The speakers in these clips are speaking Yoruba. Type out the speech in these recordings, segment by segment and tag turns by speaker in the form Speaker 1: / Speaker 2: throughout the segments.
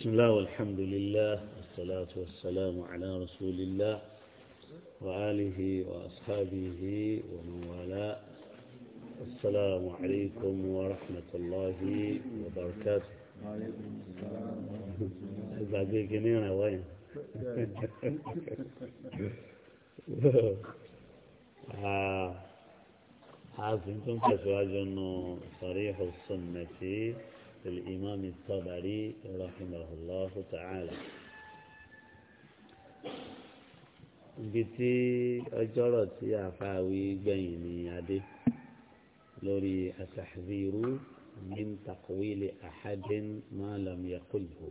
Speaker 1: بسم الله والحمد لله والصلاة والسلام على رسول الله وآله وأصحابه ومن والاه السلام عليكم ورحمة الله وبركاته وعليكم السلام وين حاسم كنت أسواج أنه صريح السنة الإمام الطبري رحمه الله تعالى ibi tí ọjọ́rọ̀ tí àfàwí gbẹ̀yìn ní adé lórí àtàhìrú min takwili ahadin ma lam yaqulhu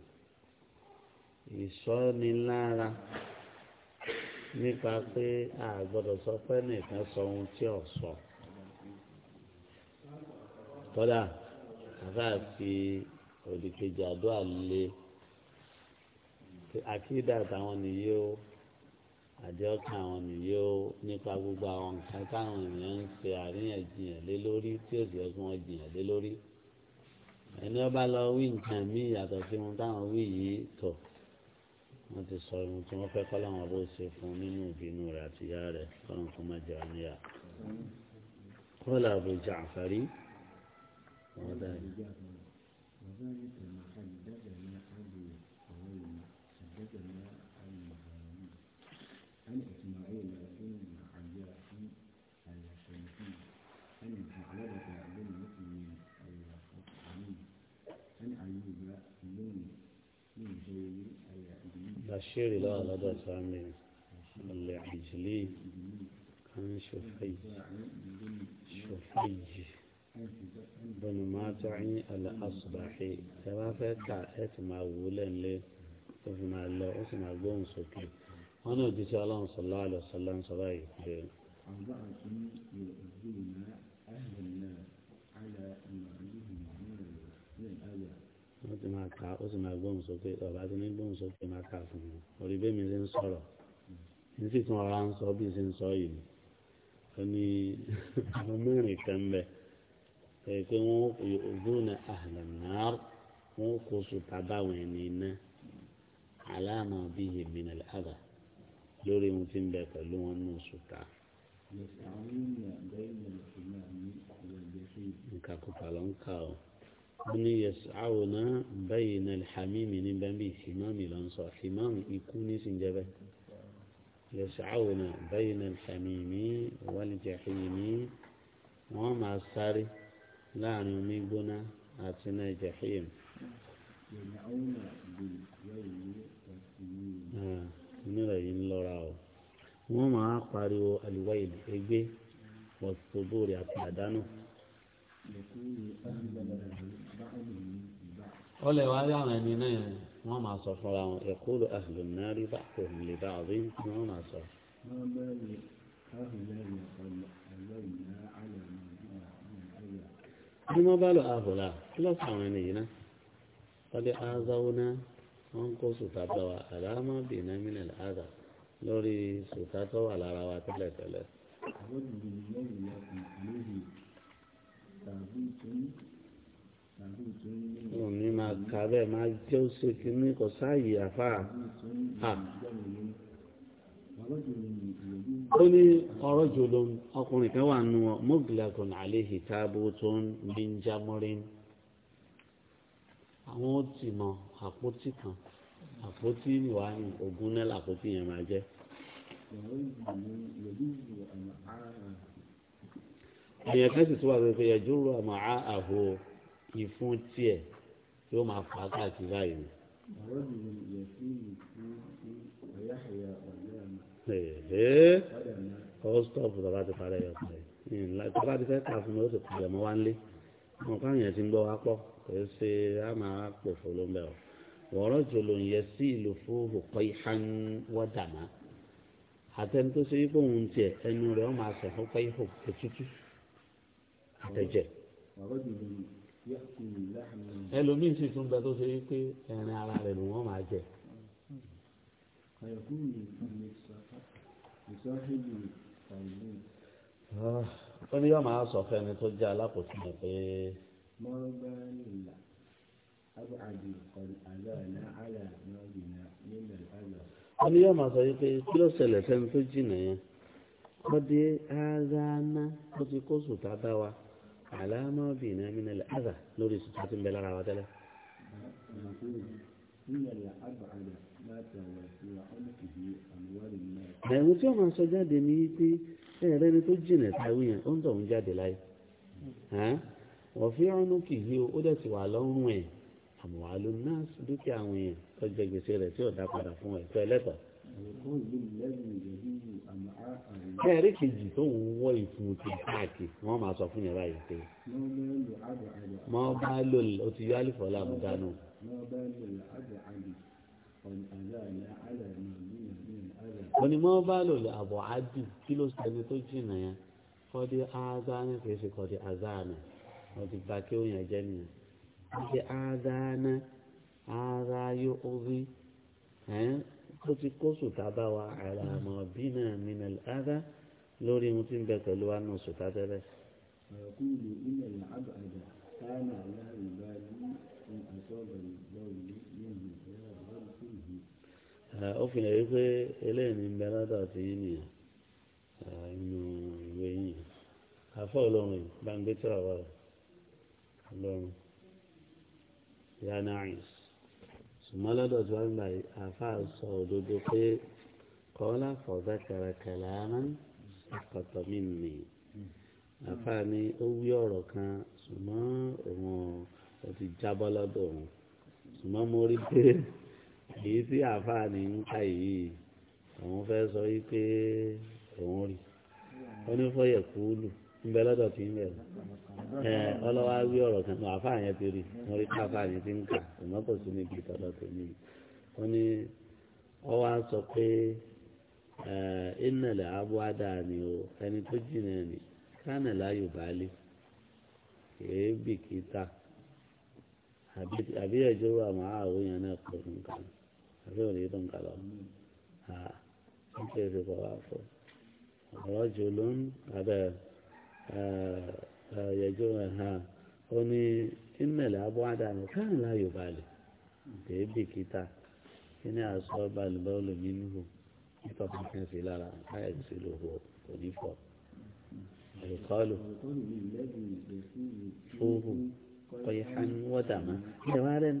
Speaker 1: ìsọ́nilára nípa pé a gbọ́dọ̀ sọ pé nìkan sọ ohun tí ò sọ kódà àfáà fi òdìkejì àdúrà lé àkídà àtàwọn nìyí ó àdéhùkà àwọn nìyí ó nípa gbogbo àwọn nǹkan táwọn èèyàn ń ṣe àríyànjiyàn lé lórí tí ó sì yẹ kí wọ́n jiyàn lé lórí ẹni ọba lọ wí nǹkan míì yàtọ̀ sí ohun táwọn wí yìí tọ̀ wọ́n ti sọ ohun tí wọ́n fẹ́ kọ́ láwọn bó ṣe fún nínú ìbínú rẹ̀ àtìyá rẹ̀ kọ́ńtún má jẹun níyà. kọ́lá Abu Ja'fari. وذلك
Speaker 2: وذلك ما حدثنا أبو عويمة حدثنا المهاوي عن إسماعيل بن عياش الشمسي عن الحقلبة بن مسلم الخطعمي عن أيوب بن من جيل بشير الآن هذا
Speaker 1: سامي العجلي عن شفي شفي bọ́nù máa tọ́ yín al-Asbahi ẹ bá fẹ́ kà ẹ sì máa wò ó lẹ́nlẹ́ ó sì máa lọ ó sì máa gbóhùn sókè wọn náà ti sọ aláwọn sọlá àlọ sọlá ń sọlá yìí pé. wọ́n ti máa kà ó sì máa gbóhùn sókè ọ̀bá ti ní gbóhùn sókè máa kà fún mi orí bẹ́ẹ̀ mi ṣe ń sọ̀rọ̀ ní sì tún ọ̀rá ń sọ bí ṣe ń sọ yìí ó ní àwọn mẹ́rin kan bẹ́ẹ̀ èyí pé wọ́n yu'dhuna ahla an-nar wọ́n kó sùtà báwọn ẹni iná aláàmà bihi min al-adha lórí ohun tí ń bẹ pẹ̀lú wọn nù sùtà. nǹkan kúta ló ń kà ó wọ́n ní yas'awna bayna al-hamimi ní bẹ́ẹ̀ bí ló ń sọ himami ikú ní sìnjẹ́bẹ́. يسعون بين الحميم والجحيم وما ساري láàrin omi gbóná àti iná jahim. Ah, inú rẹ̀ yìí ń lọ́ra o wọ́n máa pariwo àlùwá ẹgbẹ́ pọ̀tòbóòrè àti àdánù.
Speaker 2: ó lè wá yàrá
Speaker 1: ẹni náà wọ́n máa sọ fúnra wọn ẹ̀kúrò àlùmọ́rí bá kò lè bá ọ̀rí tí wọ́n máa sọ. wọ́n bí wọ́n bá lọ àbùlà kí ló fà wọn nìyí náà wọ́n azáwó náà wọ́n kó sùtà bá wa àdámọ́ bì náà mílẹ̀ àdá lórí sùtà wà lára wa tẹ́lẹ̀ tẹ́lẹ̀.
Speaker 2: Wọ́n ní máa kà
Speaker 1: máa jẹ́ òṣèkí ní kò sáàyè àfáà ó ní ọ̀rọ̀ jòló ọkùnrin kan wà nù ọ́ mọ́gìlágùn àléhì táàbù tó ń bí ń jámọ́rin àwọn ó ti mọ àpótí kan àpótí ìwà ògùn náà làpótí yẹn máa jẹ́. èèyàn kan sì tún wà pé ẹjọ́ rọ àmọ́ àhò ìfún tiẹ̀ tí ó máa fà á káàkiri báyìí ọwọ́ stọọpù tọba ti parẹ́ yọ pẹ tọba ti fẹ́ kà fún mi ó sì parẹ́ mọ wá ń lé wọn káwọn yẹn ti ń gbọ́ wá pọ kò é ṣe á máa pò fún ló ń bẹ o wọ̀ọ́rọ̀ jòló ń yẹ sí ìlú fún òkò ìhán wọ́dàmá àtẹni tó ṣe wípé òun tiẹ̀ ẹnu rẹ̀ ọ́ máa sẹ̀ fún pé ìhò ètútù àtẹ̀jẹ̀. ọ̀rọ̀ jòló ń ẹlòmíì sì tún bẹ tó ṣe yí pé ẹ̀rin ara rẹ̀ ni wọ́n máa jẹ. Ah, ó ní yóò máa sọ fẹ́ni tó jẹ́ alákòóso rẹ̀ pé. ó ní yóò máa sọ yí pé kí ló ṣẹlẹ̀ sẹ́ni tó jìnnà yẹn. kọ́dé ara ná ó ti kó sùtá bá wa àlámọ́ bì náà mí nílẹ̀ àzà lórí ìsúta tó ń bẹ lára wa tẹ́lẹ̀. ẹ̀rù tí wọ́n máa sọ jáde ní pé ẹ̀rẹ́ ni tó jìnà táwí yẹn ó ń tọ̀ ń jáde láyé wọ́n fi ọ̀nù kì í ó dẹ̀ ti wà lọ́rùn ẹ̀ àmọ́ àlọ́ náà dúkìá àwọn èèyàn tó jẹ gbèsè rẹ̀ tí ò dá padà fún ẹ̀ tó ẹlẹ́tọ̀ọ́ ẹ̀rí kejì tó ń wọ́ ìfún ti káàkiri wọ́n máa sọ fún yàrá yìí pé
Speaker 2: mọ́ bá lò
Speaker 1: ó ti yọ àlìfọ́ làmúdánù. wọ́n ní mọ́ bá lò lè àbọ̀ ádù kí ló sẹ́ni tó jìnnà yẹn kọ́dí áádáná kì í ṣe kọ́dí áádáná wọ́n ti kí ó yàn jẹ́ nìyẹn kọ́dí áádáná áádá yóò ó ó ti kó sùtà bá wa ara mọ̀ bí náà nínú ẹ̀dá lórí ohun tí ń bẹ pẹ̀lú wa náà sùtà tẹ́lẹ̀.
Speaker 2: àkúlù ilẹ̀ làbà àjà káàmà aláàrin bá ní àsọ̀bẹ̀rẹ̀ lọ́wọ́ ní ìgbéra lọ́wọ́ sí ìlú.
Speaker 1: ó fi hàn wípé eléyìí ní bẹ lọ́dọ̀ tí yín nìyẹn inú ìwé yìí àfọ́ ọlọ́run bá ń gbé tíra wa ọlọ́run yá ṣùgbọ́n lọ́dọ̀ tí wọ́n gbà àáfàá sọ òdodo pé kọ́lá fọ̀ọ́gá kẹrẹkẹrẹ àmán àkọ́tọ̀ mi nì àáfàá ni ó wí ọ̀rọ̀ kan ṣùgbọ́n òun ò ti jábọ́ lọ́dọ̀ òun ṣùgbọ́n mo rí pé èyí tí àáfàá ni ń ka yìí òun fẹ́ sọ wípé òun rí ó ní fọ́yẹ̀ kúlù ńbẹ lọ́dọ̀ tí ń bẹ ọlọ́wà wí ọ̀rọ̀ kan mọ àfáà yẹn ti rí wọn rí káfá yẹn ti ń kà ṣùgbọ́n kò sí níbi ìtọ́lọ́ tó ní ó ní ọwọ́ á sọ pé ìnàlẹ̀ abúádà ni o ẹni tó jìnnà ni kánà láyò baálé kìí bìkítà àbí ẹjọ́ àwọn àwọn èèyàn náà pọ̀ nǹkan àbí òní tó ń kà lọ ṣé kí ẹ ti kọ́ wá fọ́ ọ̀rọ̀ jù ló yẹjọ́ rẹ̀ hàn ó ní ìmẹ̀lẹ̀ abúádà ní káàrin láyò balẹ̀ tèébì kíta kí ní àṣọ balẹ̀ bá olùmí níhò nítorí kí n sí lára káyà sí lòhò kò ní fọ. Àlùkọ́lù fúhù ọ̀yẹ́ hání wọ́dà máa. Ilé wa rẹ̀ ń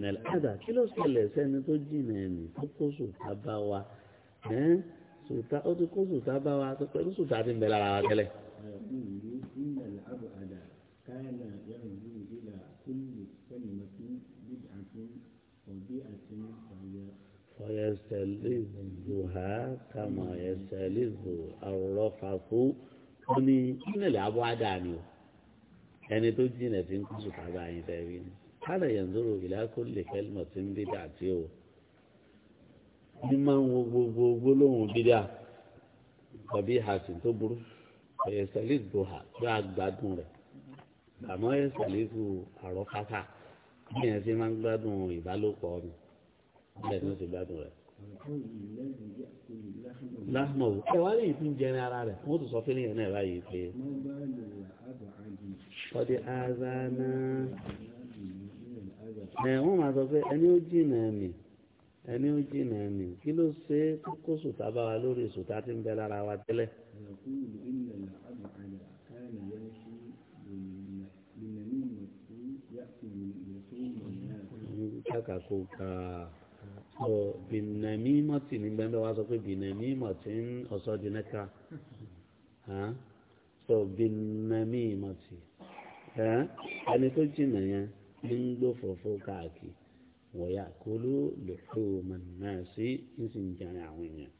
Speaker 2: من الأذى kí ló ṣẹlẹ̀
Speaker 1: sẹ́ni tó jìnnà ẹ̀mí tó kó sùtá bá wa sùtá ó ti kó sùtá bá wa pẹ̀lú sùtá ti ń bẹ lára wa tẹ́lẹ̀. فيستلذها كما يستلذ الرفق ó ní nílẹ̀ abọ́ àdáni o ẹni tó jìnnà ti ń kó sùtá bá yín fẹ́ rí ni hálà yàndúró ìlàkó lè kẹ́lìmọ̀ tí ń bídà àti o ní máa ń wo gbogbo gbólóhùn bídà tàbí hasin tó burú ẹ̀yẹ sẹ́lẹ̀t bòhà bí a gbádùn rẹ̀ àmọ́ ẹ̀yẹ sẹ́lẹ̀tù àrọ́kátà bí yẹn ti máa ń gbádùn ìbálòpọ̀ ni ó ti gbádùn rẹ̀. láhùnmọ̀ wò ẹ wá lẹ́yìn tí ń ara rẹ̀ wọ́n tún sọ fún yẹn náà báyìí pé. wọ́n dé áza náà ẹ wọ́n máa sọ pé ẹni ó jìnà ẹ̀mí ẹni ó jìnà ẹ̀mí kí ló ṣe tó kó sùtà bá wa lórí sùtà tí ń bẹ lára wa tẹ́lẹ̀. kàkà kó ka ọ bìnnàmí mọ̀tì nígbà ńlọ wa sọ pé bìnnàmí mọ̀tì ń ọ̀sọ́ di nẹ́ka sọ bìnnàmí mọ̀tì ẹni tó jìnà yẹn ń gbófòfó káàkiri wọ̀yà kulu lòkó mọ̀nàmásí ń sì ń jẹun àwọn èèyàn.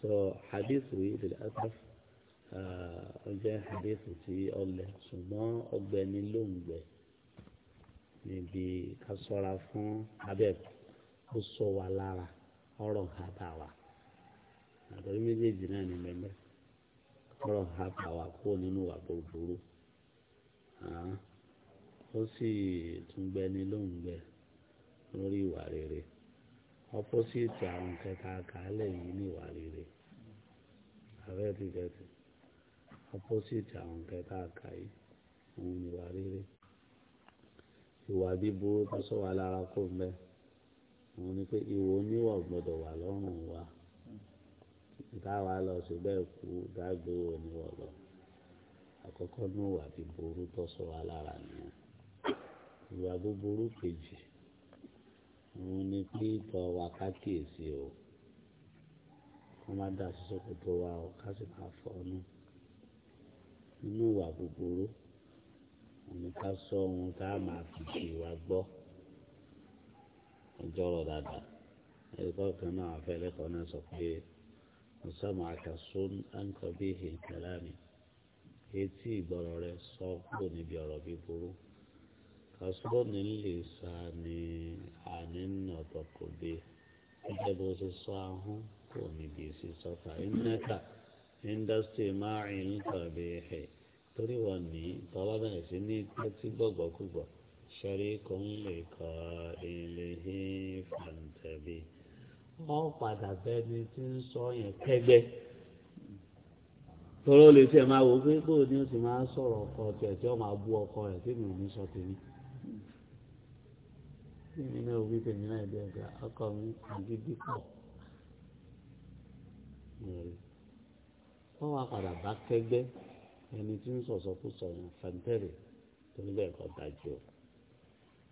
Speaker 1: so hadith yìí lè asaf ó jẹ́ hadith tí ọlẹ̀ ṣùgbọ́n ọgbẹ́ ni ló ń gbẹ níbi ká sọ́ra fún abẹ́ ó sọ wa lára ọ̀rọ̀ hàtà wa àtọ́jú méjèèjì náà ní mẹ́mẹ́ ọ̀rọ̀ hàtà wa kó nínú wa búburú ó sì tún gbẹni lóhùn gbẹ lórí ìwà rere ọpọ́sìtì àwọn kẹta àkàálẹ̀ yìí ní ìwà rere ààrẹ ti tẹ̀tì ọpọ́sìtì àwọn kẹta àkà yìí òun ní ìwà rere ìwà bíburú tó sọ wà lára kó mbẹ òun ni pé ìwọ oníwà gbọ́dọ̀ wà lọ́rùn wa táwa lọ sí bẹ́ẹ̀ kú dágbé oníwà lọ àkọ́kọ́ ní ìwà bíburú tó sọ wà lára nìyẹn ìwà búburú kejì òun ni pé ìtọ̀ wa ká kíyèsí o wọ́n má dà sí ṣòkòtò wa o ká sì máa fọ́nú nínú ìwà búburú òun ni ká sọ ohun tá a máa fi ṣe wa gbọ́ ọjọ́ ọ̀rọ̀ dáadáa ẹ̀kọ́ kan náà àfẹ́ ẹlẹ́kọ̀ọ́ náà sọ pé mo sábà àkàsó àǹkọ́ bí èhìn kẹlá mi etí ìgbọ́rọ̀ rẹ sọ kúrò níbi ọ̀rọ̀ bíburú. حسب اللسان عن النطق به كتب سصاه ومدي سصفا إنك عند استماع القبيح تريوني طلب سني تكتب وكبر شريك لقائله فانتبه wọ́n padà bẹ́ni tí ń sọ yẹn kẹgbẹ́ tọ́lọ́ lè tiẹ̀ máa wò ó pé bóò ni ó ti máa sọ̀rọ̀ ọkọ tiẹ̀ tí ó máa bú ọkọ rẹ̀ tí mi ò ní sọ tèmi tí mi náà wí tèmi náà dé ọ̀gá ọkọ mi àdídí pọ̀ wọ́n wá padà bá kẹ́gbẹ́ ẹni tí ń sọ̀sọ̀ kó sọ̀rọ̀ fàǹtẹ́rì tó ní bẹ́ẹ̀ kọ́ dájú o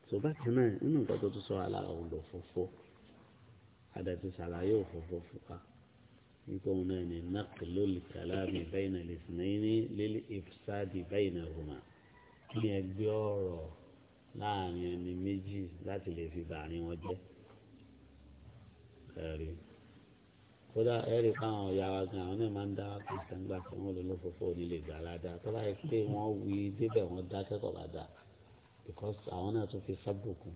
Speaker 1: tó bá kan náà nínú nǹkan tó tún sọ alára ọ̀dọ̀ fòfó àdàtì sàlàyé òfòfó fúnpa nípa òun náà ní nàkìló lìkàlámì bẹ́ẹ̀ náà lè sìn ní lílì ìfúsáàdì bẹ́ẹ̀ náà rùmà ní ẹgbẹ́ ọ̀rọ̀ láàrin ẹni méjì láti lè fi bàárín wọn jẹ́ ẹ̀rí kódà ẹ̀rí káwọn ọ̀yà wa gan àwọn náà máa ń dá kìtàn gbà tí wọ́n lè lọ fọ́fọ́ onílé gbà ládàá tó báyìí pé wọ́n wí débẹ̀ wọ́n dá kẹ́kọ̀ọ́ bá dà because àwọn náà tún fi sábò kù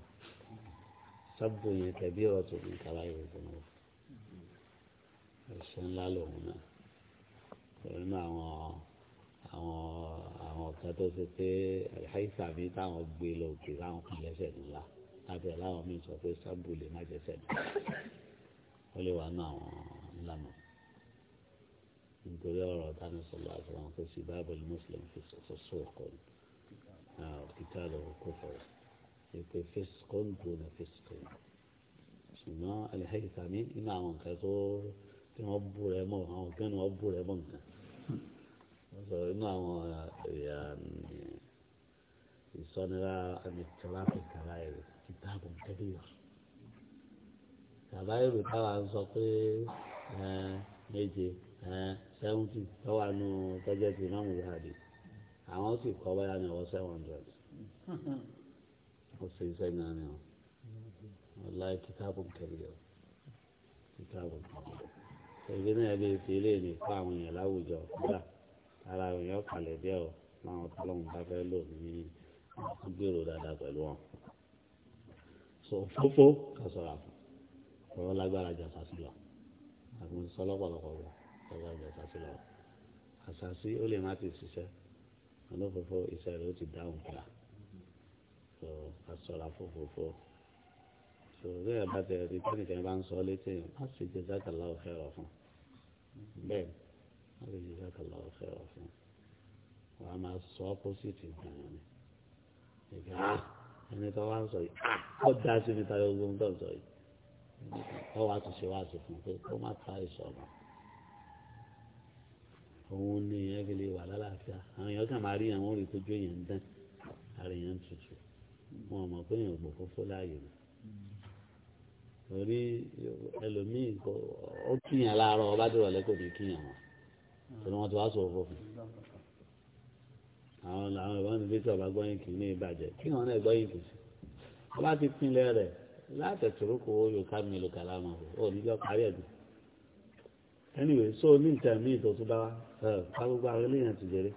Speaker 1: sábò yẹn tẹ̀bí ọ̀rọ̀ tó ní kàlá ìrògbò náà ẹ̀ṣẹ̀ ńlá lòun náà pẹ̀lú àwọn àwọn àwọn kan tó ṣe pé àìsàn mi táwọn gbé lọ òkè láwọn kan lẹ́sẹ̀ ńlá lábẹ́ láwọn mi sọ pé sábù lè má jẹ́sẹ̀ ńlá ó lè wà ní àwọn ńlá mọ̀ nítorí ọ̀rọ̀ táwọn sọ̀rọ̀ àti àwọn tó sì báàbò ní mùsùlùmí fi sọ̀sọ̀ ọkọ̀ kíkà lọ kó fọ̀rọ̀ ìpè fẹ́sìkọ́ ń gbóná fẹ́sìkọ́ ṣùgbọ́n àìsàn mi nínú àwọn kan tó tí wọ́n bú rẹ mọ́ àwọn kan ni wọ́n bú rẹ mọ́ nǹkan so sọ inú àwọn eh, um, ìsọ́nira um, àmì tìlápì kàbáyèrè kìtàbù kẹ́bíyà kàbáyèrè táwa ń sọ pé eh, méje eh, sẹ́wọ́ntì lọ́wọ́ àánú tọ́jẹ́tì ìmáàmù Buhari àwọn sì kọ́ báyà ní ọwọ́ seven hundred ó sì ń sẹ́yìn náà ni ọ ọláì kìtàbù kẹ́bíyà kìtàbù kẹ́bíyà ìgbéná ẹ̀ lè fi ilé ìnìkọ́ àwọn èèyàn láwùjọ gbà ara rẹ̀ yọ kalẹ̀ díẹ̀ o láwọn tọ́lọ́mù bá fẹ́ lò ní gbèrò dáadáa pẹ̀lú wọn. sọ fófó kà sọ̀rọ̀ àfọ̀ ọ̀rọ̀ lágbára lọ àgùn sọ lọ́pọ̀lọpọ̀ wọ ọ̀rọ̀ jà sàṣì lọ. àṣàṣì ó lè má ti ṣiṣẹ́ olófófó iṣẹ́ rẹ̀ ó ti dáhùn kíra sọ àṣọra fófófó sọ̀rọ̀ bẹ́ẹ̀ bá tẹ̀ ẹ́ di pẹ́ẹ́nì bá ń sọ létí yẹn má ṣe jẹ́ zákàlá ọ̀fẹ́ rọ̀ fún bẹ́ẹ̀ wọ́n lè jẹ́ kọ́ lọ́wọ́ fẹ́ wọ́n fún un wọ́n á máa sọ ọ́pọ́sìtì nǹkan yẹn ni ìgbà ah, ẹni tó wá ń sọ yìí ah, ó dá sí mi táyọ̀ ogun tó ń sọ yìí ó wá ti ṣe kó má ta ìsọ̀rọ̀ òun ni ìyẹn fi lè wà lálàáfíà àwọn èèyàn kàn máa rí àwọn orí tójú èèyàn ń dán ara èèyàn tutù wọn mọ̀ pé èèyàn gbò fófó láàyè rẹ̀ torí ẹlòmíì ó kíyàn láàárọ̀ ọba dúró lẹ́kọ̀ọ́ ní kíyàn wọn tọ́lá wọn ti wá sọ̀rọ̀ fún un àwọn làwọn ìwọ́n ní bíi sọ̀rọ̀ gbọ́yìn kì í ní ìbàjẹ́ kí wọn náà gbọ́yìn kì í sí wọn bá ti pinlẹ̀ rẹ̀ látẹ̀tùrú kò yóò ká mọ̀ ò níjọ́ parí ẹ̀dùn anyway so ní nǹkan míì tó tún bá wá ká gbogbo àwọn eléyàn ti jẹrẹ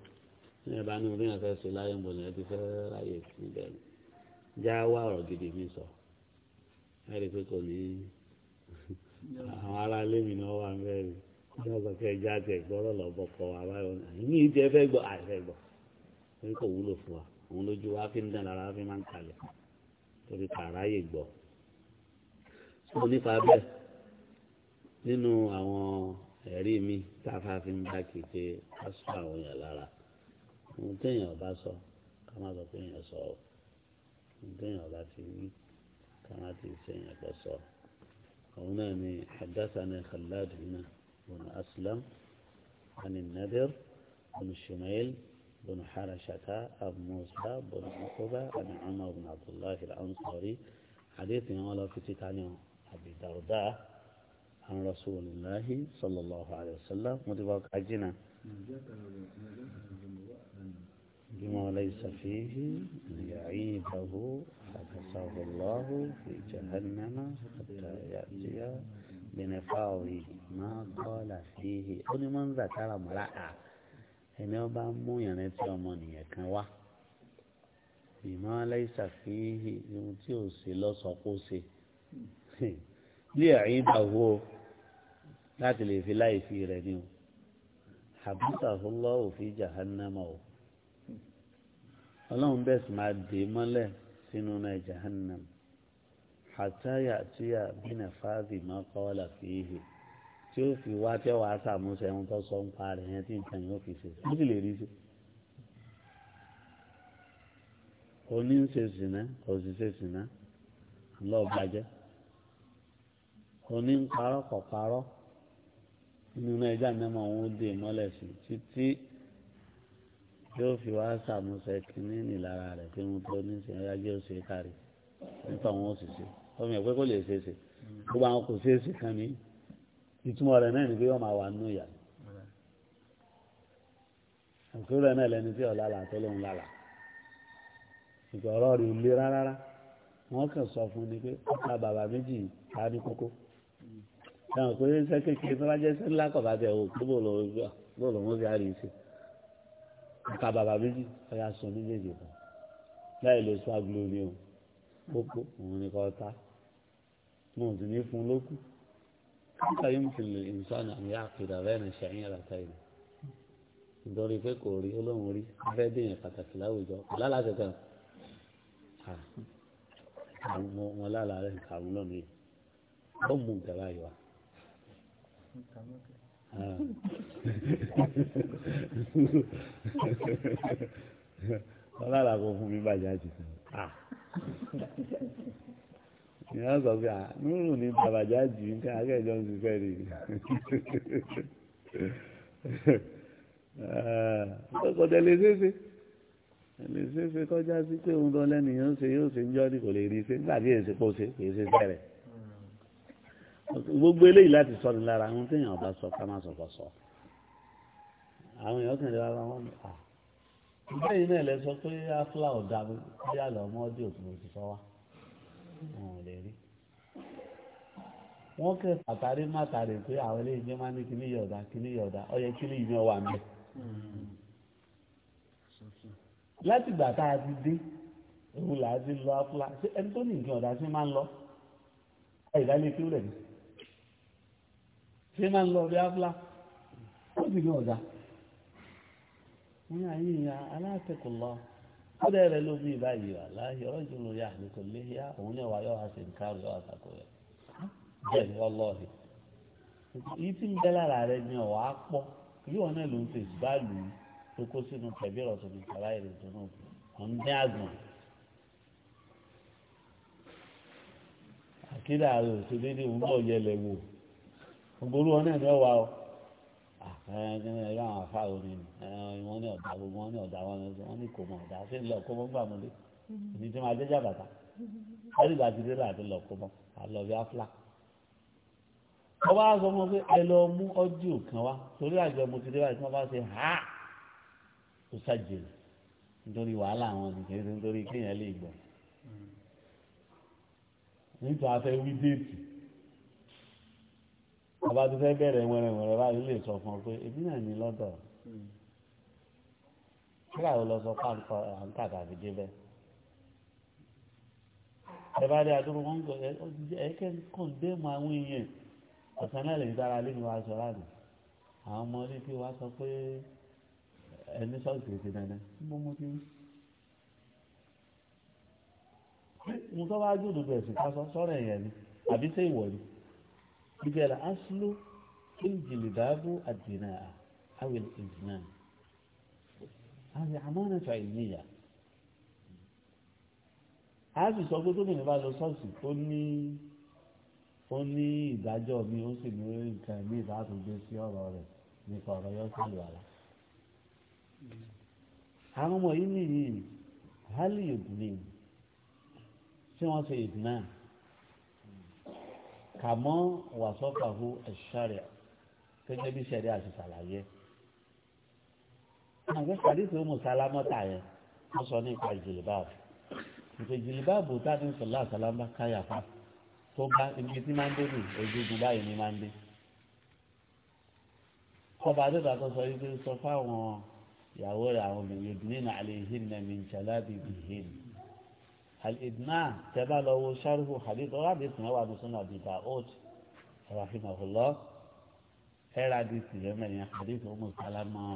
Speaker 1: ní ẹ̀bá ní orí yẹn fẹ́ ṣe láyé mbọ̀ lẹ́yìn ti fẹ́ ráyè sí bẹ́ẹ̀ já wá ọ̀rọ̀ gidi mi sọ ẹ̀rí pé kò ní àwọn ará ilé mi náà wà ń bẹ́ẹ̀ ní ọgbà kí ẹja àti ẹgbọrọ lọbọ kọ wa báyọ ní ìdí ẹfẹ gbọ àìfẹ gbọ torí kò wúlò fún wa òun lójú wa fi ń dàn lára fi máa ń kalẹ̀ torí kàráyè gbọ. sọ nípa bẹ́ẹ̀ nínú àwọn ẹ̀rí mi tá a fà fi ń bá kéde ká sọ àwọn èèyàn lára ohun téèyàn bá sọ ká má sọ pé èèyàn sọ ọ ohun téèyàn bá ti wí ká má ti ṣe èèyàn pọ̀ sọ ọ̀hún náà ni àdásánà kàládùn náà. بن أسلم عن النذر بن الشميل بن حرشة أبو موسى بن عقبة عن عمر بن عبد الله الأنصاري حديث يقول في تيتانيو أبي درداء عن رسول الله صلى الله عليه وسلم متباك عجنا بما ليس فيه ليعيبه حبسه الله في جهنم حتى يأتي bẹ̀nẹ̀fàwì máa bọ́ọ̀là sí ihe ó ní máa ń zàkárà mọ́ra à ẹni ọba mú ìrántí ọmọ nìyẹn kan wá ìmọ̀ aláìsà fi ihe ohun tí ò ṣe lọ́sọ̀kọ́ ṣe lé ẹ̀yìn dàwó láti lè fi láì fi rẹ̀ ni o àbúrò àfọlọ́ òfin jahannama o ọlọ́run bẹ́ẹ̀ sì máa dè mọ́lẹ̀ sínú náà jahannama àtàyà tí a bínà fáàbì máa kọ́ ọ́là fi hì tí ó fi wá tí ó wàá sàmúsẹ̀ ń tọ́ sọ ń pa rẹ̀ yẹn tí nǹkan yóò fi ṣe ó sì lè rí ṣe. oní ń ṣe sìnà kò sì ṣe sìnà lọ́ọ́ bàjẹ́ oní ń parọ́ kò parọ́ nínú ẹja nẹ́mọ̀ àwọn òde mọ́lẹ̀ sí títí yóò fi wá sàmúsẹ̀ kínní nìlára rẹ̀ pé mo tó ní sìn ẹ́yájú ó ṣe kárí nítorí àwọn òṣìṣẹ́ ọmọ ìpẹ́ kò lè ṣe é ṣe gbogbo àwọn kò ṣeé ṣe kan ní ìtumọ̀ rẹ̀ náà ni pé ọmọ àwa nù yà òkúrò náà lẹni tí ọ̀la là tó lóun lálà ìgbà ọ̀rọ̀ rẹ̀ ò le rárá wọ́n kàn sọ fún ni pé ọ̀ka bàbá méjì ta ní kókó dáhùn pé ṣe kékeré tó bá jẹ́ sí ńlá kọ̀ọ̀bá tẹ̀ ò tó bò lòun fi àrí ṣe ọ̀ka bàbá méjì ọ̀ya sọ méjèèjì kan láì lè sọ agolo ni o kókó òun ni kò ta wọn ò sì ní fún lókù kíkà yóò fi lè ìsọ̀nà àmì àkìdà rẹ́rìn ṣẹ̀yìn àràtà ìlú nítorí pé kò rí olóhùn rí fẹ́ dèèyàn pàtàkì láwùjọ lálàsẹ kan mo lálàá rẹ̀ kàrún lónìí yìí ó mú gàrà yìí wá ọlọ́lá kò fún mi bàjẹ́ àti sàn ìyá sọ pé ah, nínú ní bàbàjá jì ń ká akẹ́jọ́ ń ṣiṣẹ́ rè ah, ọkọ̀ tẹ̀lé ṣeéṣe tẹ̀lé ṣeéṣe kọjá sí pé òun gan lẹ́nìyàn ṣe yóò ṣe ń jọ́ ní kò lè rí ṣe nígbà tí èsì pọ̀ ṣe kì ṣe sẹ́rẹ̀ gbogbo eléyìí láti sọ ní lára àwọn téèyàn bá sọ ká má sọ kọ sọ àwọn èèyàn kàn lè ra wọn ní ah, bẹ́ẹ̀ yìí náà lẹ sọ pé afla ọ̀dà bí yàrá ọmọdé òtún òtún sọ wá. wọn ò lè rí wọn kẹ pàtàrí mátàrí pé àwọn ma ìjẹ máa ní kíní yọ̀dá kíní yọ̀dá mi. láti ìgbà tá a ti dé òun là á ti lọ afúlá ṣé ẹni tó ní nǹkan ọ̀dà ṣé máa ń lọ ó rẹ̀ ní ṣé máa ń lọ bí afúlá ó sì ní ọ̀dà yà aláàtẹ̀kọ̀ lọ. kódà rẹ ló bí báyìí wà láàyè ọjọ́ ló yà ní kò òun náà wà yọ àtàkọ bẹ́ẹ̀ ọlọrin yìí tí ń bẹ lára rẹ ni náà ló ń báàlù tó kó sínú kàrá tó náà ẹ̀ẹ́dẹ́n ẹ̀rọ àwọn afáwọn mi ni wọ́n ní ọ̀dà gbogbo wọ́n ní ọ̀dà wọn ní wọ́n ní kò mọ̀ ọ̀dà ṣé lọ kó mọ́ gbà mọ́lé èmi tí máa jẹ́jà bàtà ẹ̀rí ìgbà títí rà ti lọ kó mọ́ àlọ́ bí áfíà. wọ́n bá sọ fún mi pé ẹ lọ mú ọ́díò kan wá torí àjọ mo ti dé báyìí tí wọ́n bá ṣe ha ó ṣàjèrè nítorí wàhálà àwọn nìkan nítorí kéèyàn lè gbọ́ nítorí afẹ́ wí déètì bá ti fẹ́ bẹ̀rẹ̀ wẹ̀rẹ̀wẹ̀rẹ̀ báyìí lè sọ fún ọ pé ebi náà ní lọ́dọ̀ hmm. kíra ò lọ sọ páńkọ àǹkà tàbí débẹ̀ ẹ bá rí adúrú wọn gbọ́ ẹ kẹ kàn dé mọ àwọn èèyàn ọ̀sán náà lè dára lé mi wá aṣọ lánàá àwọn ọmọ orí fi wá sọ pé ẹni sọ́ọ̀sì èsì dandan mo mú kí mo tọ́ bá jódodo ẹ̀sìn ká sọ sọ́rọ̀ ẹ̀yẹ ni àbí sẹ́ ìwọ ni. أصله الأصل الجلباب الدناء أو الإجنان هذه عمانة علمية هذه سقطوا من بعض الصوصي قلني ó ní ìdájọ́ mi ó sì ní nǹkan ní ìbátan gbé sí ọ̀rọ̀ rẹ̀ nípa ọ̀rọ̀ yọ sí ìwàlá. àwọn ọmọ yìí nìyí hálì ìdùnnú tí wọ́n ṣe ìdùnnú kàmọ́ wàsọ́fàhù ẹ̀ṣáríà gẹ́gẹ́ bí sẹ́rí àti sàlàyé. àwọn sàdísì ó mú sálámọ́tà yẹn wọ́n sọ nípa ìjìlìbáàbù ìpè ìjìlìbáàbù táàbí sọ̀lá àsàlámbá káyàfà tó bá ibi tí máa ń dé nù ojúgun báyìí ni máa ń dé. ọba adébà tó sọ yìí pé sọ fáwọn ìyàwó rẹ̀ àwọn obìnrin yòdùnínà àlè ìhìn nàmì ìjàlábì bìhìn الإدمان تبع له شرح حديث وحديث نوع بسنة أبي داود رحمه الله هل حديث يمني حديث أم سلمة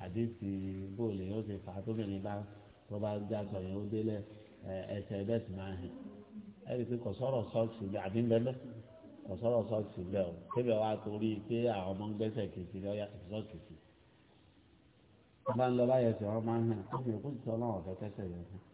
Speaker 1: حديث بولي يوسف فاتوم الإمام طبعا جاكو يودي له أسابات معه ẹni pé kò sọ̀rọ̀ sọ́ọ̀sì bí àbí ńlẹ́lẹ́ kò sọ̀rọ̀ sọ́ọ̀sì bẹ́ẹ̀ o kébì wa torí pé àwọn ọmọ ń gbẹ́sẹ̀ kejì lọ yá sọ́ọ̀sì sí. wọ́n bá ń lọ báyẹn tí wọ́n máa ń hàn ó fi òkú ti sọ ọlọ́run ọ̀fẹ́ kẹsẹ̀ yẹn fún un.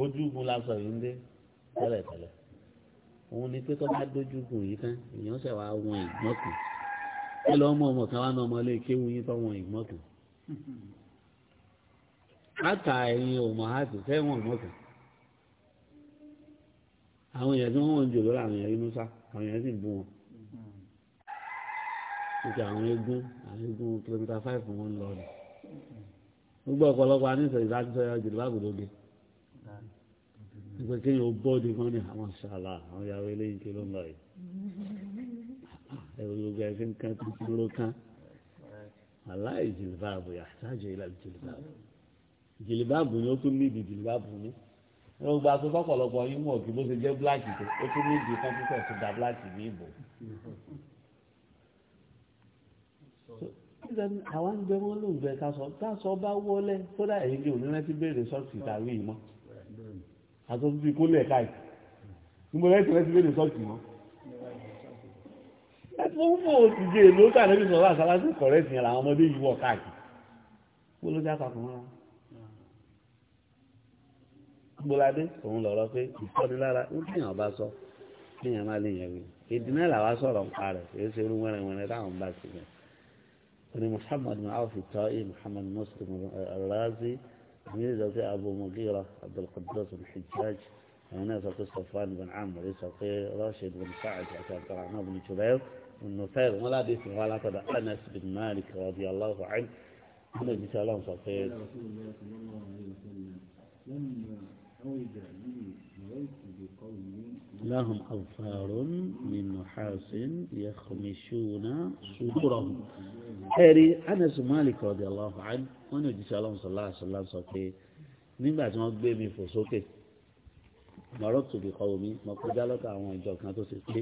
Speaker 1: ojúgun la sọ yìí ń dé tẹ́lẹ̀tẹ́lẹ̀ òun ni pé tó bá dójúgun yìí tán èèyàn ṣẹ̀ wá wọn ìgbọ́n kan ẹ lọ́ mọ ọmọ kan wá ní ọmọ ilé kéwu yín tó wọn ìgbọ́n kan láta ẹ̀yin ò mọ̀ àti fẹ́wọ̀n ọmọ kan àwọn èèyàn tí wọ́n wọ́n ń jò lórí àwọn èèyàn inú sá àwọn èèyàn sì ń bú wọn nítorí àwọn eégún àwọn eégún kìlómítà fáìfù wọn lọ ni gbogbo ọ̀pọ̀lọpọ̀ anísọ̀rọ̀ ìdájọ́ ìjọba àgùdóge nípa kéèyàn ó bọ́ọ̀dù kan ní àwọn ah, ṣàlà àwọn ìyàwó eléyìí kí ló ń lọ yìí ah, ah, ẹ̀rọ gbogbo ẹ̀ fi ń kan tó ń ro kan aláì jìlìbáàbù yàtàjẹ́ ìlà jìlìbáàbù jìlìbáàbù ni ó tún níbi jìlìbáàbù ni wọ́n gba tó tọ́pọ̀lọpọ̀ yín mọ̀ kí bó ṣe jẹ́ bíláàkì tó ó tún níbi kan púpọ̀ tó da bíláàkì ní ìbò. àwọn ń bẹ wọn lóògbé ká ká sọ bá wọlé kódà èyí ni òní rántí béèrè sọ́ọ̀tì ìtàwé yìí aṣọ tuntun ìkólẹ̀ ẹ̀ka ẹ̀ níbo lẹ́sìn lẹ́sìn lè sọ́ọ̀tì wọn. ẹ̀fọ́ fò ti dé èlò sàlẹ́bí sọ̀rọ̀ àṣàlásì kọ̀rẹ́sì yẹn làwọn ọmọdé yìí wọ̀ káàkiri kó ló jápa kàn án. gbọ́ládé òun lọ̀rọ̀ pé ìfọ́nilára ń tẹ̀yàn bá sọ tẹ̀yàn má lè yẹn wí ìdínà làwa sọ̀rọ̀ ń parẹ̀ èyí ṣe irú wẹ́rẹ́wẹ́rẹ́ táwọn bá ti gbẹ̀. oní muhammadu awfi tọ́ ميزة في أبو مغيرة عبد القدوس بن حجاج هنا في صفوان بن عمرو يسقي راشد بن سعد عشان طلعنا بن جبير والنفير ولا دي في ولد أنس بن مالك رضي الله عنه أنا جيت لهم صفير رسول
Speaker 2: الله صلى الله عليه وسلم لما عود لي مريت بقوم لهم
Speaker 1: أظفار من نحاس يخمشون صدورهم ẹ̀rí Anas Malik radiyallahu anhu wọ́n ní òjíṣẹ́ ọlọ́run sọ̀lá àṣọlá sọ pé nígbà tí wọ́n gbé mi fò sókè mọ̀rọ́ tòbí kọ́ omi mọ̀ kọjá lọ́kọ̀ àwọn ìjọ kan tó ṣe pé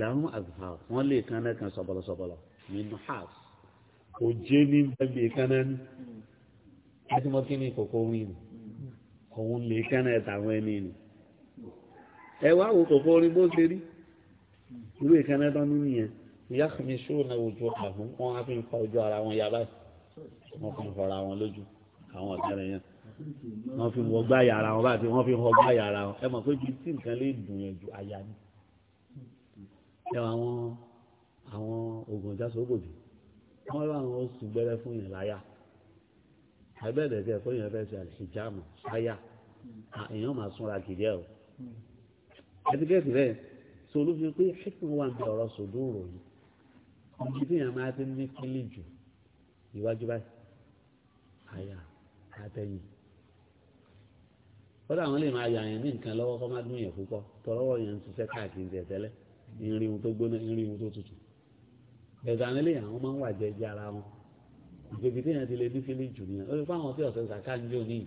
Speaker 1: làwọn àgbà wọ́n lè kánná kan sọ̀bọ̀lọ̀sọ̀bọ̀lọ̀ nínú house kò jẹ́ ní bẹ́ẹ̀ kánná ní láti mọ́ kí ní kòkó orin ni òun lè kánná ẹ̀ta yàtúmí ṣúrùnà ojú àhún wọn á fi ń fa ojú ara wọn ya báyìí wọn fi ń fọra wọn lójú àwọn ọ̀tẹ̀rẹ̀ yẹn wọn fi wọ gbá yàrá wọn báyìí wọn fi wọ gbá yàrá wọn ẹ mọ̀ pé bíi tí nǹkan lè dùn yẹn ju àyà ni ẹ àwọn àwọn oògùn ìjásókòjì wọn lọ àwọn oṣù gbẹrẹ fún yẹn láyà àbẹ̀dẹ̀ tẹ fún yẹn fẹ́ ṣe àṣìjáàmù sáyà èèyàn máa súnra kìdí ẹ̀ o ẹtikẹ́tì rẹ̀ sọ fi pé ṣíkùn wà ní ọ̀rọ̀ sòdó òròyìn ibi tí èèyàn máa ti ní fílì jù iwájú báyìí àyà àtẹ̀yìn kódà àwọn lè máa yà yẹn ní nǹkan lọ́wọ́ kó má dún yẹn púpọ̀ tọ́lọ́wọ́ yẹn ń ṣiṣẹ́ káàkiri tẹ̀ tẹ́lẹ̀ irin tó gbóná irin tó tutù ẹ̀dá nílé àwọn máa ń wà jẹ́jẹ́ ara wọn ìgbèbí tí yẹn ti lè ní fílì jù nìyẹn ó lè fún àwọn tí ọ̀sẹ̀ sàkà ń lò ní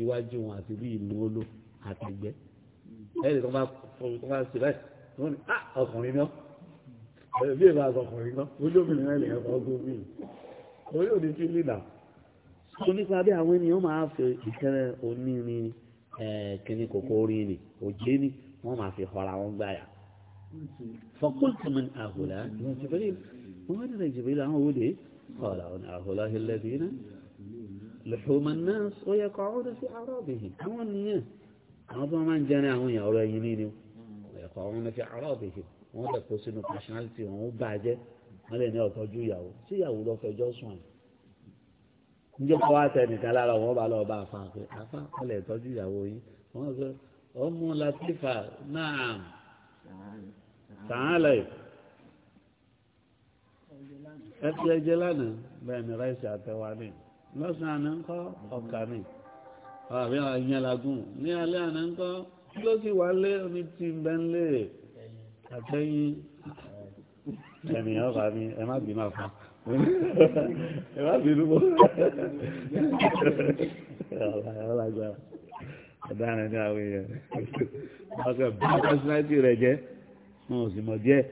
Speaker 1: iwájú wọn àti bí ìlú olò àtẹ̀gbẹ́ ẹ̀ẹ́dì bí ìbá àtọkùnrin náà olómìnir náà lè ẹ̀kọ́ ọdún orí òní ti lílà tó nípa bí àwọn ènìyàn máa fi ìkẹrẹ onírin kíní kòkó orí ni wọ́n máa fi họra wọn gbáyà fọkúntùmí àhùlá jìbìrì wọ́n wá nílẹ̀ jìbìrì àwọn òde kọ́lá àhùlá hìlẹ́bí náà lùhùmọ̀ náà ó yẹ kọ́ máa wọ́n lè kó sínú pàṣínálítì wọn ó bá a jẹ́ wọ́n lè ní ọ̀tọ́jú ìyàwó sí ìyàwó lọ fẹjọ́ sùn àná. níjẹ́ kó wá tẹ nìkan lára wọn bá lọ́ọ́ bá a fa pé afá wọ́n lè tọ́jú ìyàwó yìí wọ́n sọ ọmú latifa náà sàálẹ̀ ẹ ti ẹjẹ lánàá bẹ́ẹ̀ ni ráìsì àtẹwà ni lọ́sàn-án àná ń kọ́ ọ̀kà ni àbí ìyẹn làgùn ní alẹ́ àná ń kọ́ kí ló sì wá lé omi tì ń bẹ́ ń lé àtẹ́yìn ènìyàn bá mi ẹ má bínú àfọ ẹ má bínú bọ́ ọ̀daràn ní àwọn èèyàn ọkọ̀ bá pẹ́sínátì rẹ̀ jẹ́ wọn ò sì mọ̀ díẹ̀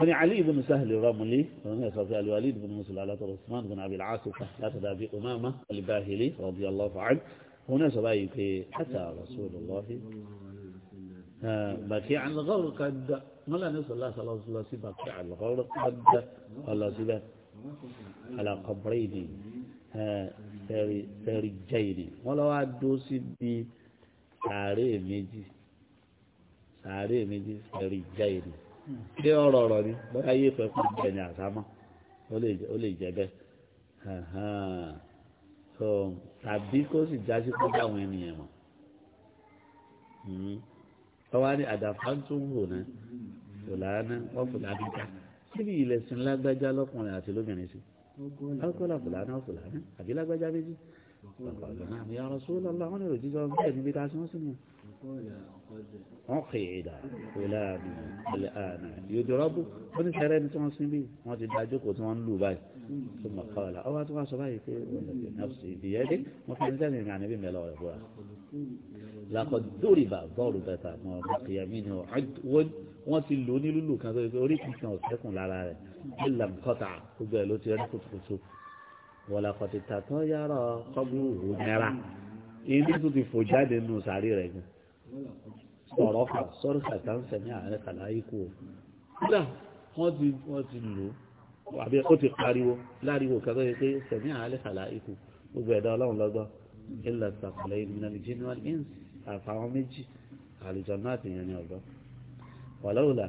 Speaker 1: وني علي بن سهل الرملي وني أخافي الوالد بن مسلم على عثمان بن أبي العاص لا تدابي أمامة الباهلي رضي الله عنه هنا سبايك حتى رسول الله bàkí àlùkọ́rù kàdà wọn lànà sọlá sọlá sọlá sí bàkí àlùkọ́rù kàdà ọlọ síbẹ̀ alakọ̀bọ̀rẹ́ ìdí fẹ̀rì jẹ́ ìdí wọn lọ wá dó síbi sàárè méjì sàárè méjì fẹ̀rì jẹ́ ìdí ṣé ọ̀rọ̀ ọ̀rọ̀ ni bóyá yé fẹ́ kú jẹ ní àsámọ́ ó lè jẹ bẹ́ẹ̀ tàbí kó sì já sí kó dáwọn ènìyàn mọ̀ tọ́wá ní àdàfáńtúhù ní fúlàní wọ́n fúlàní ká síbi ìlẹ̀sìn lágbájá lọ́kùnrin àti lóbìnrin sí alukọ́lá fúlàní wọ́n fúlàní àbí lágbájá méjì ọ̀pọ̀ àgbọ̀n náà ya Rasulullah àwọn èrò jíjọ bẹ́ẹ̀ níbi tá a sún sí ni wọ́n kì í dà ìlànà ìlànà yòdòrọ́bù ó ní sẹ́rẹ́ ní tí wọ́n sin bí wọ́n ti dájú kò tí wọ́n ń lù báyìí tó mọ̀ kọ́ọ̀lá ọwọ́ tó wá sọ báyìí pé ìdíyẹ́ dé wọ́n fi ní sẹ́ni ìrìn àníbí mẹ́lọ rẹ̀ búra. làkọ̀ dórí bá bọ́ọ̀lù bẹ́tà mọ́ kìyàmí ni wọ́n ti lò ní lùlù kan tó yẹ pé orí kìkan ò sẹ́kùn lára rẹ̀ ìlàm kọ́tà gbogbo ẹ̀ sọ̀rọ̀ fà sọ̀rọ̀ kàkà ń sẹ̀mí ààrẹ kàláyé kú o kódà wọ́n ti wọ́n ti lò ó àbí ó ti pariwo láriwo kẹ́kọ́ yẹ pé sẹ̀mí ààrẹ kàláyé kú gbogbo ẹ̀dá ọlọ́run lọ́gbọ́n ilẹ̀ sàkàlẹ̀ ìmìnàlì genuine ins àfàwọn méjì àlùjọ náà ti yẹn ní ọ̀gbọ́n wàlọ́wùlà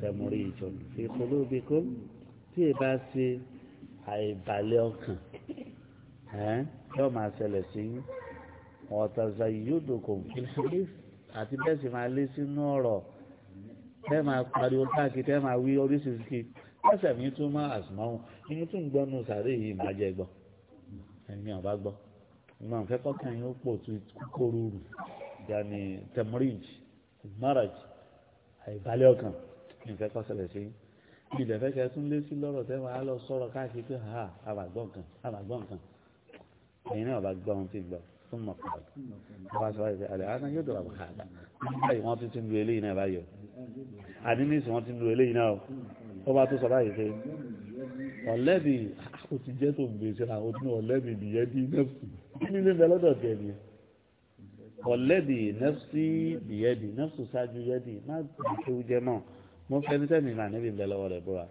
Speaker 1: tẹ̀mọ̀rí ìjọ fi kolóbi kó tí ì bá ṣe àìbalẹ̀ ọkàn ẹ̀ yóò máa ṣẹlẹ̀ sí yín ọ̀tàzà yóòdòkùn kìlìkìlì àti bẹ́ẹ̀ sì máa lé sínú ọ̀rọ̀ tẹ́ máa pariwo káàkiri tẹ́ máa wí oríṣiríṣi lọ́sẹ̀ mi tún máa àsùnmáwò inú tún gbọ́nu sàárè yìí máa jẹ gbọ́ ẹni ọ̀bá gbọ́ ìmọ̀ nǹkan kọ́kàn yín ó pọ̀ tó kúkúrú rù yanni tẹmúríjì máràjì àìbalẹ̀ ọkàn nǹkan kọ́ ṣẹlẹ̀ sí ilẹ̀ fẹ́ kẹ́ tún lé sí lọ́rọ̀ tẹ́ máa lọ sọ̀rọ̀ káàkiri pé ha àbàgbọ́ nǹkan àbàgbọ́ nǹkan ẹ̀yin náà ọ̀bá gbọ́ ohun tí gbọ́ ثم قال خلاص الآن يضرب هذا أي ما تتندو إلينا بأيو عن الناس ما بيلي هنا، وما تصل أي شيء والذي أخوتي جاتهم بيسرع أدنى والذي بيدي نفسي من البلدات يعني والذي نفسي بيدي نفسه ساجو يدي ما تتحو جماع mo fẹ́ ní sẹ́mi máa níbi ìbílẹ̀ lọ́wọ́ rẹ̀ búra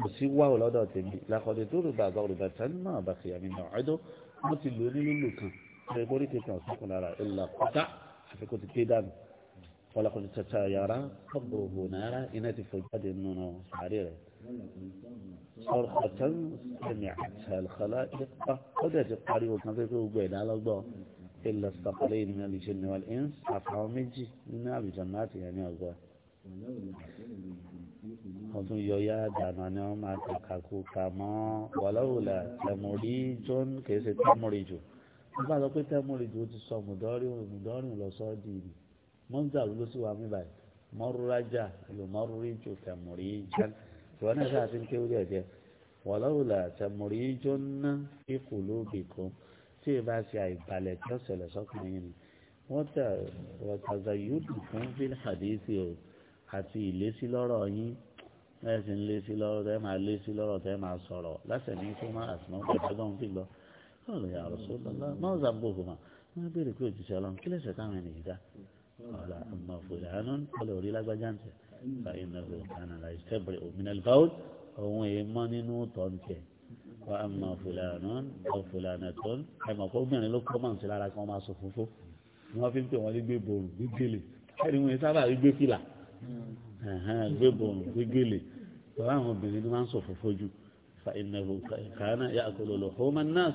Speaker 1: kò sí wáwò lọ́dọ̀ tèmi làkọ̀dé tó rúbà bá rúbà náà bàkìyà náà ọdún wọ́n ti lò ní lílò kan ẹ̀rẹ́ bórí kẹta ọ̀sọ́kùn lára ìlà pátá àfi kò ti pé dànù wọ́n lakọ̀ ti tẹ̀tẹ̀ yàrá ọgbọ̀gbọ̀ náírà iná ti fò jáde nínú sàárè rẹ̀ ọ̀tán sẹ̀mí àtàlùkọ́lá ipa ó dẹ̀ ti pariwo kan fẹ́ gbogbo ẹ̀dá lọ́gbọ́ ìlà sàkọ́lé ìnìyàn àlùjẹ́ níwájú àfàwọn méjì nínú àlùjọ náà ti yà ní ọgbà wọ́n tún yọ ya dànù ni wọ́n máa kàkà kú kà mọ́ wàláwùlà tẹ̀mùrí john kìí ṣe tẹ̀mùrí jù wọ́n bá sọ pé tẹ̀mùrí jù ó ti sọ mùdọ́rìn mùdọ́rìn lọ sọ́ di ìlú mọ́ńdà ló sì wà mí báyìí mọ́rúrájà yóò mọ́rúrí jù tẹ̀mùrí jẹ́ ìwọ náà sáà ti ń ké orí ẹ̀jẹ̀ wàláwùlà tẹ̀mùrí john ná ikú ló bì tí ì bá ṣe àìbalẹ̀ tí sọ́kùnrin ni wọ́n ẹ sì ń lé sí lọ́rọ̀ tẹ́ máa lé sí lọ́rọ̀ tẹ́ máa sọ̀rọ̀ lásẹ̀ ní kó má àtìmọ́ gbàdágàn fi lọ lọ́rọ̀ yà rọ̀ sọ́dọ̀ máa zà bò fún wa wọ́n béèrè pé òjìṣẹ́ ọlọ́run kí lẹ́sẹ̀ táwọn ènìyàn dá ọ̀la àmọ́ fòlẹ̀ àánú kọlẹ̀ orí lágbájá ń tẹ̀ fàyín náà ló kàn án láì tẹ́bẹ̀rẹ̀ òmìnira báwò òun èyí mọ́ nínú tọ́ ń tẹ̀ wọ́n àmọ́ fòlẹ̀ àánú ọ̀fòlẹ̀ àná tó ń àmọ́ kó obìnrin ló kọ́ máa ń lára kí wọ́n máa sọ fúnfún ni wọ́n fi ń pè wọ́n ní gbé borùn gbégbélé ẹni wọn sábà rí gbé fìlà gbé borùn gbégbélé tọ́lá àwọn obìnrin ni máa ń sọ̀fọ̀ fojú fa ìnáwó kàánà yà àkọlò lọ fún man nas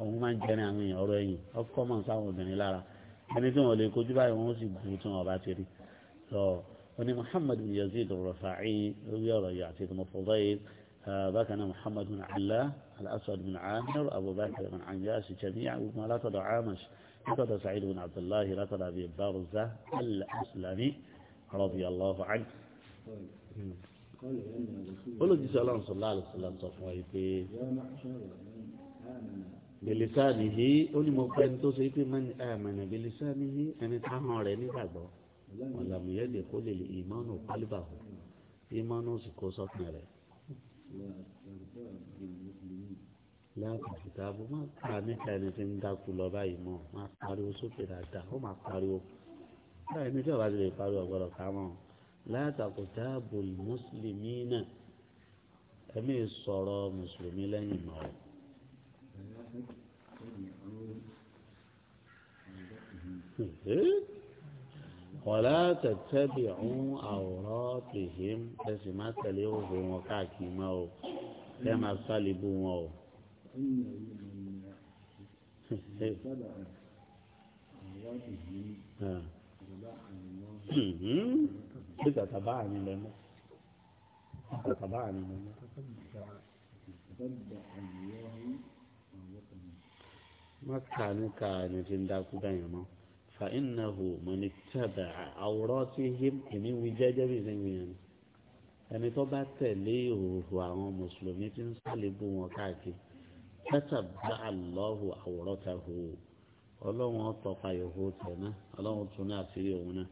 Speaker 1: òun máa ń jẹrin àwọn èèyàn ọ̀rọ̀ ẹ̀yìn ọkọ mọ̀ sáwọn obìnrin lára ẹni tí wọn lè kojú báyìí wọn sì bu tí wọn bá ti rí lọ oní muhammad bin yazid rafa'i lórí ọ̀rọ̀ yìí àti mufudayl bákan náà muhammad bin allah al bin amir abubakar bin anjashi jami'a gbogbo látọ̀dọ̀ amash látọ̀dọ̀ sa'id bin abdullahi látọ̀dọ̀ abi barza al-aslami radiyallahu anhu olùjíṣẹ́ ọlọ́run sọ láàlú sílẹ̀ sọ fún ẹ pé bèlísà nìyí ó ní mo pẹ́ ní tó ṣe pé mẹ́ni ẹ̀mẹ̀nà bèlísà nìyí ẹni táwọn rẹ̀ nígbàgbọ́ ọ̀làmùyẹ́dẹ̀ kó lè ìmọ̀nù pálíbà hù ìmọ̀nù sì kó sọ́kàn rẹ̀ láàbù ìdáàbò má kà níta ẹni tí ń dákú lọ báyìí mọ́ má pariwo sókè dáadáa ó má pariwo báyìí níjọba ti lè pariwo ọ̀gbọ́dọ̀ ká mọ́ لا تغتاب المسلمين أمي الصلاة مسلمي لن يمعوا ولا تتبعوا عوراتهم تسي ما تليوهم وكاكي مو كما صلبوا مو عوراتهم ṣé tàtàbá àní lẹ mọ tàtàbá àní lẹ mọ. mọ́kà ní kàánì ti ń dákú dáyàn mọ́ fàínàhù mọ̀nì tẹ̀bẹ̀ àwòrán tí èmi wí jẹ́jẹ́ bí ìsinmi yẹn ẹni tó bá tẹ̀lé ìhòòhò àwọn mùsùlùmí tí ń sálẹ̀ bú wọn káàkiri tẹ́tàbá àlọ́hù àwòrán tẹ̀hù ọlọ́run ọ̀tọ̀ fàyọ̀hù tẹ̀ náà ọlọ́run tún ní àṣírí òun náà.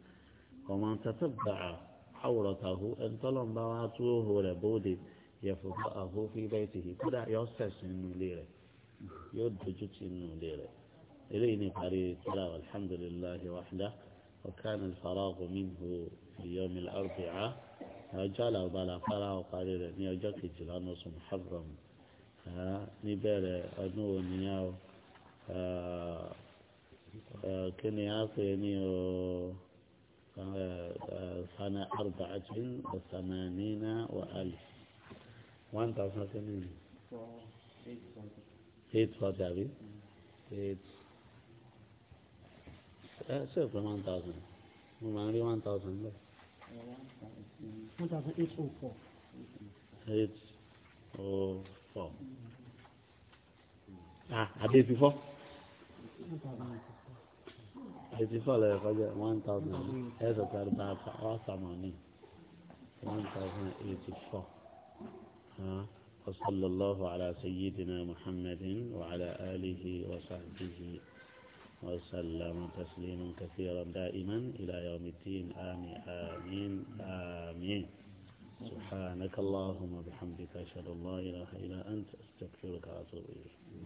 Speaker 1: ومن تتبع عورته أن طلم بواته لبودي يفضأه في بيته كلا يوسس إنه ليره يدجت إنه ليره إليني قريب كلا والحمد لله وحده وكان الفراغ منه في يوم الأربعاء جالا بلا فراغ قريبا نيجاك جلانوس محرم نبال أنو نياو آه، آه، كني نيو سنة أربعة وثمانين وألف وانت عفنا تنين ايت فاتي أبي ايت آه، صفر وان تاوزن ومعنى وان تاوزن بس
Speaker 2: وان تاوزن ايت او فور
Speaker 1: ايت او فور اه عديت بفور eighty four lè وصلى الله على سيدنا محمد وعلى آله وصحبه وسلم تسليما كثيرا دائما إلى يوم الدين آمين آمين آمين سبحانك اللهم وبحمدك أشهد أن لا إله إلا أنت أستغفرك وأتوب إليك